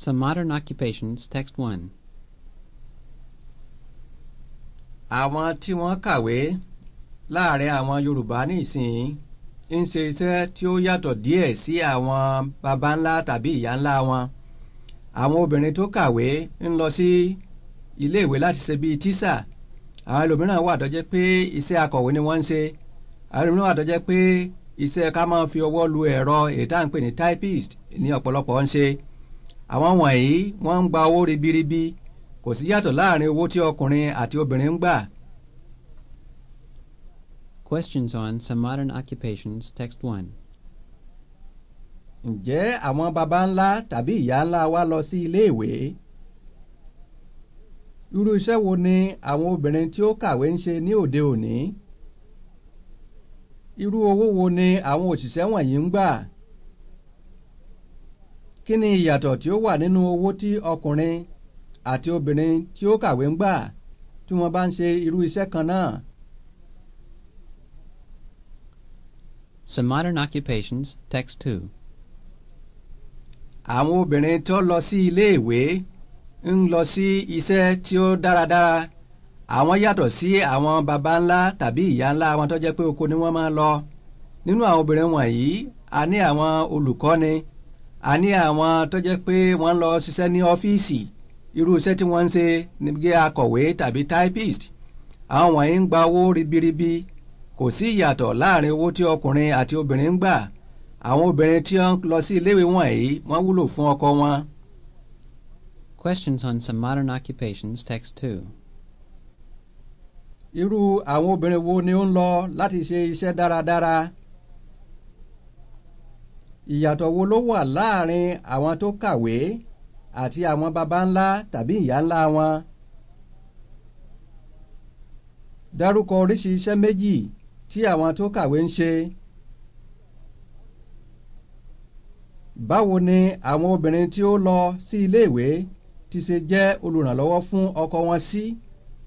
Some Modern Occupations, Text 1. Àwọn tí wọ́n kàwé láàrin àwọn Yorùbá nísìnyí ń ṣe iṣẹ́ tí ó yàtọ̀ díẹ̀ sí àwọn baba ńlá tàbí ìyá ńlá wọn. Àwọn obìnrin tó kàwé ń lọ sí iléèwé láti ṣe bíi tíṣà. Àwọn ẹlòmíràn wà tó jẹ́ pé iṣẹ́ akọ̀wé ni wọ́n ń ṣe. Àwọn ẹlòmíràn wà tó jẹ́ pé iṣẹ́ ká máa fi ọwọ́ lu ẹ̀rọ èyí tá à ń pè ní typist ni ọ̀pọ̀lọpọ̀ ń ṣe àwọn wọ̀nyí wọ́n ń gba owó ribiribi kò sí yàtọ̀ láàrin owó tí ọkùnrin àti obìnrin ń gbà. Questions on some modern occupations, text one. Ǹjẹ́ àwọn baba ńlá tàbí ìyá ńlá wa lọ sí ilé ìwé? Irú iṣẹ́ wo ni àwọn obìnrin tí ó kàwé ń ṣe ní òde òní? Irú owó wo ni àwọn òṣìṣẹ́ wọ̀nyí ń gbà? kí ni ìyàtọ̀ tí ó wà nínú owó tí ọkùnrin àti obìnrin tí ó kàwé ń gbà tí wọ́n bá ń ṣe irú iṣẹ́ kan náà? Some modern occupations, text two. Àwọn obìnrin tó lọ sí ilé ìwé ń lọ sí iṣẹ́ tí ó dáradára. Àwọn yàtọ̀ sí àwọn baba ńlá tàbí ìyá ńlá wọn tó jẹ́ pé oko ni wọ́n máa ń lọ. Nínú àwọn obìnrin wọ̀nyí, a ní àwọn olùkọ́ni a ní àwọn tó jẹ́ pé wọ́n lọ ṣiṣẹ́ ní ọ́fíìsì irú iṣẹ́ tí wọ́n ń ṣe ní gẹ́ akọ̀wé tàbí typist àwọn wọ̀nyí ń gba owó ribiribi kò sí ìyàtọ̀ láàrin owó tí ọkùnrin àti obìnrin ń gbà àwọn obìnrin tí wọ́n lọ sí iléèwé wọ̀nyí wọ́n wúlò fún ọkọ wọn. Questions on some modern occupations, text two. Irú àwọn obìnrin wo ni ó ń lọ láti ṣe iṣẹ́ dáradára? ìyàtọ̀ wo ló wà láàrin àwọn tó kàwé àti àwọn baba ńlá tàbí ìyá ńlá wọn? dárúkọ oríṣi iṣẹ́ méjì tí àwọn tó kàwé ń ṣe. báwo ni àwọn obìnrin tí ó lọ sí iléèwé ti ṣe jẹ́ olùrànlọ́wọ́ fún ọkọ wọn sí? Si?